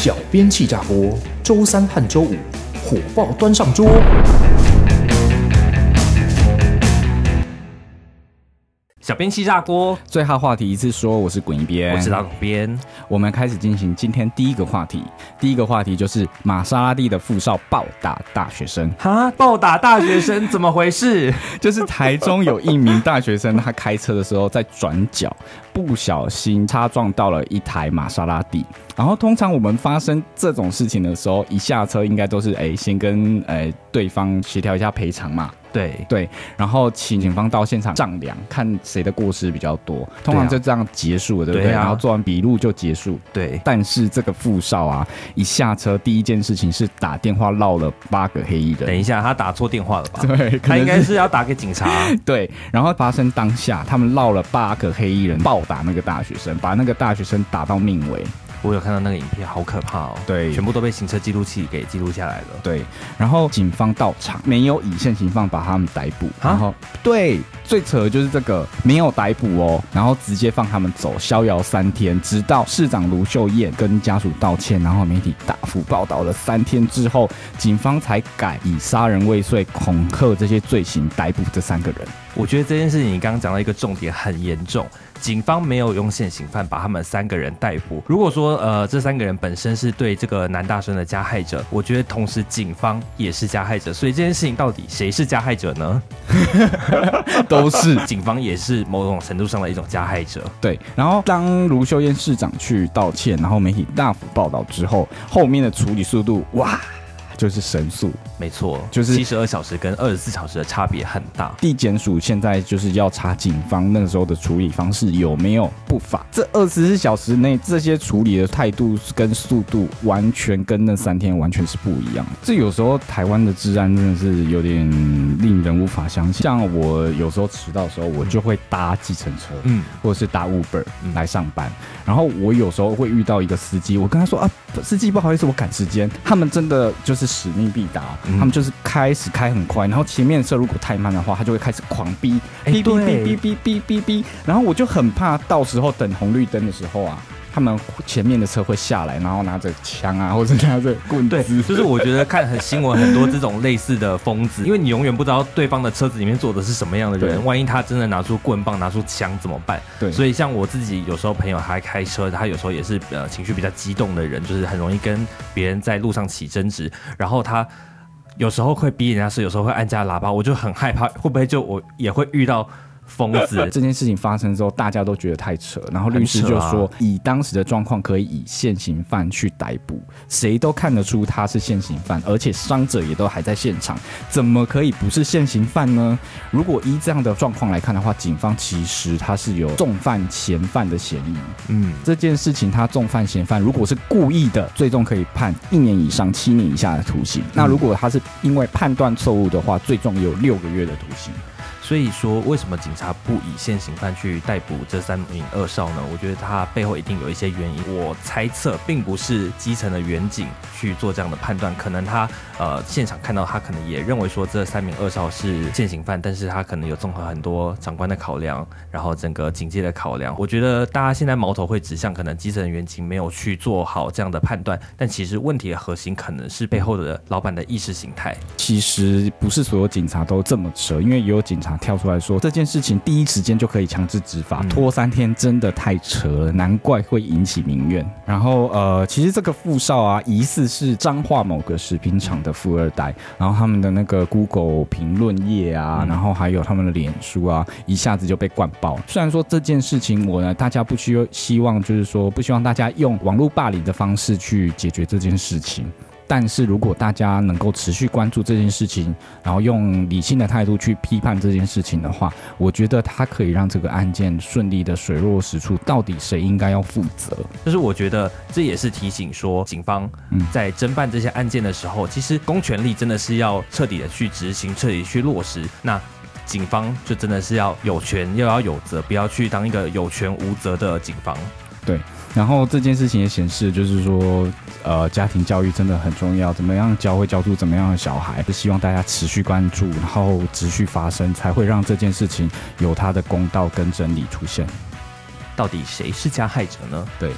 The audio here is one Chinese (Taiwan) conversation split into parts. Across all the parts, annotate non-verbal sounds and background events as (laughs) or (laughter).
小編氣炸鍋，週三和週五火爆端上桌。小編氣炸鍋，最後話題一次說。我是滾一編，我是打統編。我們開始進行今天第一個話題。第一個話題就是瑪莎拉蒂的富少暴打大學生。哈，暴打大學生 (laughs) 怎麼回事？就是台中有一名大學生，他開車的時候在轉角，不小心擦撞到了一台瑪莎拉蒂。然後通常我們發生這種事情的時候，一下車應該都是哎、欸，先跟哎、欸、對方協調一下賠償嘛。對對，然後請警方到現場丈量，看誰的過失比較多，通常就這樣結束了，對啊，對不對？對啊，然後做完筆錄就結束。對，但是這個富少啊，一下車第一件事情是打電話落了八個黑衣人。等一下，他打錯電話了吧？對，他應該是要打給警察啊。對，然後發生當下，他們落了八個黑衣人暴打那個大學生，把那個大學生打到命危。我有看到那個影片，好可怕哦！對，全部都被行車記錄器給記錄下來了。對，然後警方到場，沒有以現行犯把他們逮捕。啊，蛤對，最扯的就是這個，沒有逮捕哦，然後直接放他們走，逍遙三天，直到市長盧秀燕跟家屬道歉，然後媒體大幅報道了三天之後，警方才改以殺人未遂、恐嚇這些罪行逮捕這三個人。我覺得這件事情你剛剛講到一個重點，很嚴重。警方沒有用現行犯把他們三個人逮捕。如果說，呃，這三個人本身是對這個男大生的加害者，我覺得同時警方也是加害者。所以這件事情到底誰是加害者呢？ (laughs) 都是，警方也是某種程度上的一種加害者。對。然後當盧秀燕市長去道歉，然後媒體大幅報道之後，後面的處理速度，哇！就是神速，沒錯，就是七十二小時跟二十四小時的差別很大。地檢署現在就是要查警方那個時候的處理方式有沒有不法。這二十四小時內這些處理的態度跟速度，完全跟那三天完全是不一樣。這有時候台灣的治安真的是有點令人無法相信。像我有時候遲到的時候，我就會搭計程車，嗯，或者是搭 Uber 來上班。然後我有時候會遇到一個司機，我跟他說啊，司機不好意思，我趕時間。他們真的就是。使命必達，他們就是開始開很快，然後前面的車如果太慢的話，他就會開始狂逼，逼逼逼逼逼逼逼，然後我就很怕到時候等紅綠燈的時候啊。他們前面的車會下來，然後拿着槍啊，或者拿着棍子。對，就是我覺得看很新聞很多這種類似的瘋子， (laughs) 因為你永遠不知道對方的車子裡面坐的是什麼樣的人。對萬一他真的拿出棍棒、拿出槍怎麼辦？對，所以像我自己有時候朋友還開車，他有時候也是呃情緒比較激動的人，就是很容易跟別人在路上起爭執，然後他有時候會逼人家，是有時候會按加喇叭，我就很害怕，會不會就我也會遇到。瘋子這件事情發生之後，大家都覺得太扯，然後律師就說，啊、以當時的狀況可以以現行犯去逮捕，誰都看得出他是現行犯，而且傷者也都還在現場，怎麼可以不是現行犯呢？如果依這樣的狀況來看的話，警方其實他是有縱放嫌犯的嫌疑。嗯，這件事情他縱放嫌犯，如果是故意的，最重可以判一年以上七年以下的徒刑。嗯、那如果他是因為判斷錯誤的話，最重有六個月的徒刑。所以說，為什麼警察不以現行犯去逮捕這三名二少呢？我覺得他背後一定有一些原因。我猜測，並不是基層的員警去做這樣的判斷，可能他呃現場看到他可能也認為說這三名二少是現行犯，但是他可能有綜合很多長官的考量，然後整個警界的考量。我覺得大家現在矛頭會指向可能基層的員警沒有去做好這樣的判斷，但其實問題的核心可能是背後的老闆的意識形態。其實不是所有警察都這麼扯，因為也有警察，跳出來說這件事情，第一時間就可以強制執法，拖三天真的太扯了，難怪會引起民怨。然後呃，其實這個富少啊，疑似是彰化某個食品廠的富二代，然後他們的那個 Google 評論頁啊，嗯、然後還有他們的臉書啊，一下子就被灌爆。雖然說這件事情，我呢，大家不需要希望就是說不希望大家用網絡霸凌的方式去解決這件事情。但是，如果大家能夠持續關注這件事情，然後用理性的態度去批判這件事情的話，我覺得它可以讓這個案件順利的水落石出，到底誰應該要負責？就是我覺得這也是提醒說，警方在偵辦這些案件的時候，嗯，其實公權力真的是要徹底的去執行，徹底去落實。那警方就真的是要有權，又要有責，不要去當一個有權無責的警方。對。然後這件事情也顯示，就是說，呃，家庭教育真的很重要，怎麼樣教會教出怎麼樣的小孩，是希望大家持續關注，然後持續發聲，才會讓這件事情有它的公道跟真理出現。到底誰是加害者呢？對，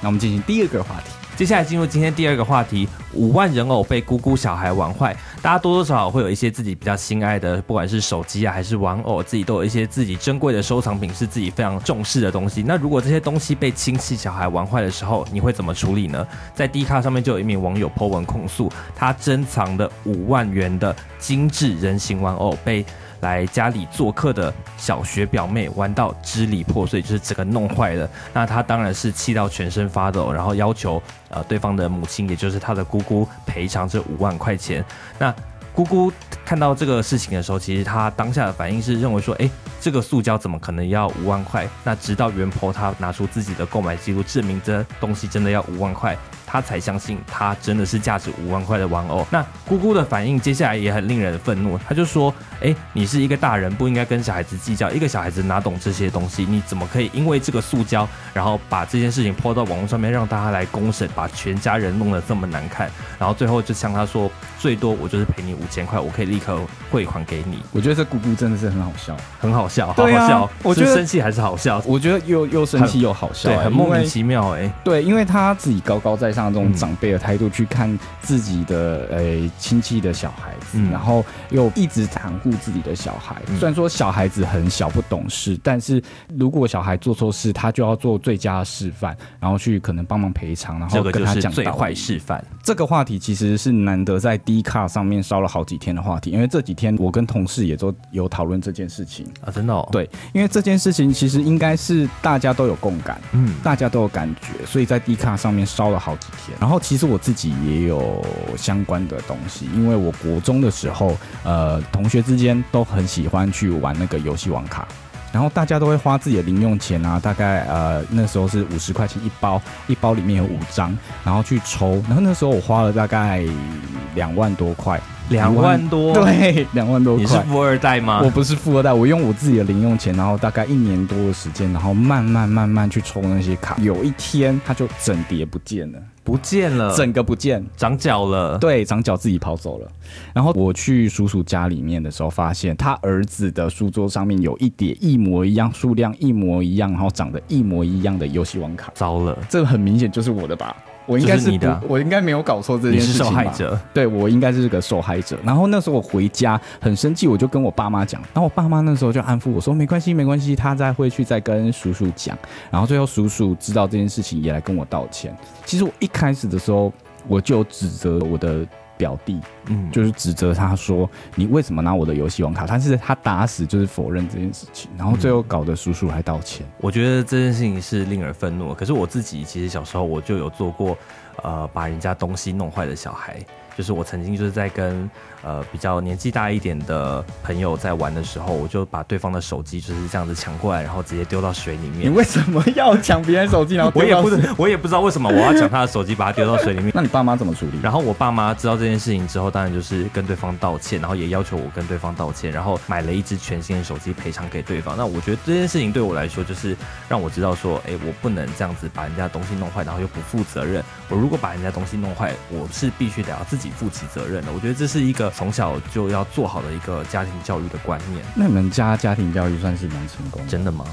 那我們進行第二個話題。接下來進入今天第二個話題，五萬人偶被姑姑小孩玩壞，大家多多少少會有一些自己比較心愛的，不管是手機啊，還是玩偶，自己都有一些自己珍貴的收藏品，是自己非常重視的東西。那如果這些東西被親戚小孩玩壞的時候，你會怎麼處理呢？在 Dcard 上面就有一名網友 po 文控訴，他珍藏的五萬元的精緻人形玩偶被。來家裡做客的小學表妹玩到支離破碎，所以就是整個弄壞了。那她當然是氣到全身發抖，哦，然後要求呃對方的母親，也就是她的姑姑賠償這五萬塊錢。那姑姑看到這個事情的時候，其實她當下的反應是認為說，誒，這個塑膠怎麼可能要五萬塊？那直到原 PO 她拿出自己的購買記錄，證明這東西真的要五萬塊。他才相信，他真的是價值五萬塊的玩偶。那姑姑的反應接下來也很令人憤怒。他就說：“哎，你是一個大人，不應該跟小孩子計較。一個小孩子哪懂這些東西？你怎麼可以因為這個塑膠，然後把這件事情 PO 到網絡上面，讓大家來公審，把全家人弄得這麼難看？然後最後就向他說，最多我就是賠你五千塊，我可以立刻匯款給你。”我覺得這姑姑真的是很好笑，很好笑，好好笑。啊、我覺得是是生氣還是好笑。我覺得又又生氣又好笑、欸，對，很莫名其妙。哎，對，因為他自己高高在上。像這種長輩的態度、嗯、去看自己的誒親、欸、戚的小孩子，嗯、然後又一直袒護自己的小孩。嗯、雖然說小孩子很小不懂事，但是如果小孩做錯事，他就要做最佳的示範，然後去可能幫忙賠償，然後跟他講最壞示範。這個話題其實是難得在 D 卡上面燒了好幾天的話題，因為這幾天我跟同事也都有討論這件事情啊，真的、哦。對，因為這件事情其實應該是大家都有共感，嗯，大家都有感覺，所以在 D 卡上面燒了好。天然後其實我自己也有相關的東西，因為我國中的時候，呃，同學之間都很喜歡去玩那個遊戲王卡，然後大家都會花自己的零用錢啊，大概呃那時候是五十塊錢一包，一包裡面有五張，然後去抽，然後那時候我花了大概兩萬多塊。兩萬,兩萬多，對，兩萬多塊。你是富二代嗎？我不是富二代，我用我自己的零用錢，然後大概一年多的時間，然後慢慢慢慢去充那些卡。有一天，它就整疊不見了，不見了，整個不見，長腳了。對，長腳自己跑走了。然後我去叔叔家裡面的時候，發現他兒子的書桌上面有一疊一模一樣、數量一模一樣，然後長得一模一樣的遊戲王卡。糟了，這個很明顯就是我的吧。我應該是，是你的，我應該沒有搞錯這件事情吧，是受害者，對，我應該是個受害者。然後那時候我回家很生氣，我就跟我爸媽講。然後我爸媽那時候就安撫我說：“沒關係，沒關係。”他再回去再跟叔叔講。然後最後叔叔知道這件事情也來跟我道歉。其實我一開始的時候我就指責我的。表弟，嗯，就是指責他說，你為什麼拿我的遊戲王卡？但是他打死就是否認這件事情，然後最後搞得叔叔還道歉。我覺得這件事情是令人憤怒。可是我自己其實小時候我就有做過，呃，把人家東西弄壞的小孩。就是我曾經就是在跟呃比較年紀大一點的朋友在玩的時候，我就把對方的手機就是這樣子搶過來，然後直接丟到水裡面。你為什麼要搶別人手機，然後？ (laughs) 我也不，我也不知道為什麼我要搶他的手機， (laughs) 把他丟到水裡面。那你爸媽怎麼處理？然後我爸媽知道這件事情之後，當然就是跟對方道歉，然後也要求我跟對方道歉，然後買了一支全新的手機賠償給對方。那我覺得這件事情對我來說，就是讓我知道說，哎、欸，我不能這樣子把人家東西弄壞，然後又不負責任。我如果把人家東西弄壞，我是必須得要自己。負起責任的，我覺得這是一個從小就要做好的一個家庭教育的觀念。那你們家家庭教育算是蠻成功的，真的嗎？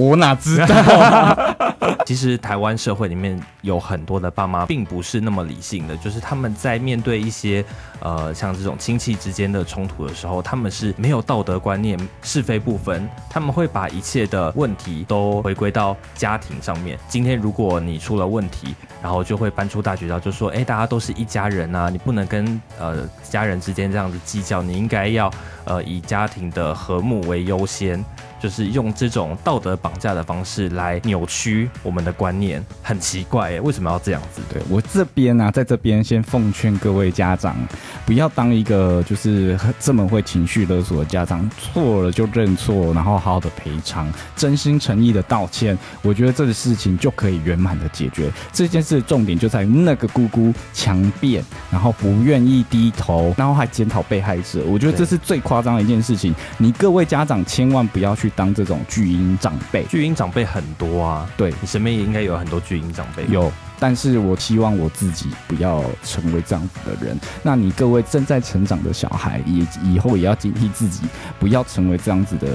我哪知道，啊？ (laughs) 其實台灣社會裡面有很多的爸媽並不是那麼理性的，就是他們在面對一些呃像這種親戚之間的衝突的時候，他們是沒有道德觀念，是非不分，他們會把一切的問題都回歸到家庭上面。今天如果你出了問題，然後就會搬出大絕招，就說：“哎，大家都是一家人啊，你不能跟呃家人之間這樣子計較，你應該要呃以家庭的和睦為優先。”就是用這種道德綁架的方式來扭曲我們的觀念，很奇怪，為什麼要這樣子？對，我這邊呢，啊，在這邊先奉勸各位家長，不要當一個就是這麼會情緒勒索的家長，錯了就認錯，然後好好的賠償，真心誠意的道歉，我覺得這個事情就可以圓滿的解決。這件事的重點就在那個姑姑強辯，然後不願意低頭，然後還檢討被害者，我覺得這是最誇張的一件事情。你各位家長千萬不要去。當這種巨嬰長輩，巨嬰長輩很多啊！對，你身邊也應該有很多巨嬰長輩。有，但是我希望我自己不要成為這樣子的人。那你各位正在成長的小孩，也以後也要警惕自己，不要成為這樣子的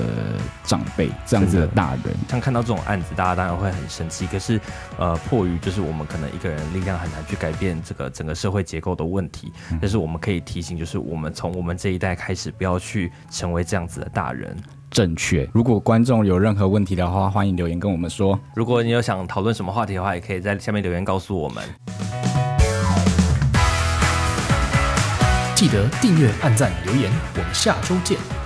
長輩，這樣子的大人。像看到這種案子，大家當然會很生氣。可是，呃，迫於就是我們可能一個人力量很難去改變這個整個社會結構的問題。嗯。但是我們可以提醒，就是我們從我們這一代開始，不要去成為這樣子的大人。正確。如果觀眾有任何問題的話，歡迎留言跟我們說。如果你有想討論什麼話題的話，也可以在下面留言告訴我們。記得訂閱、按讚、留言，我們下周見。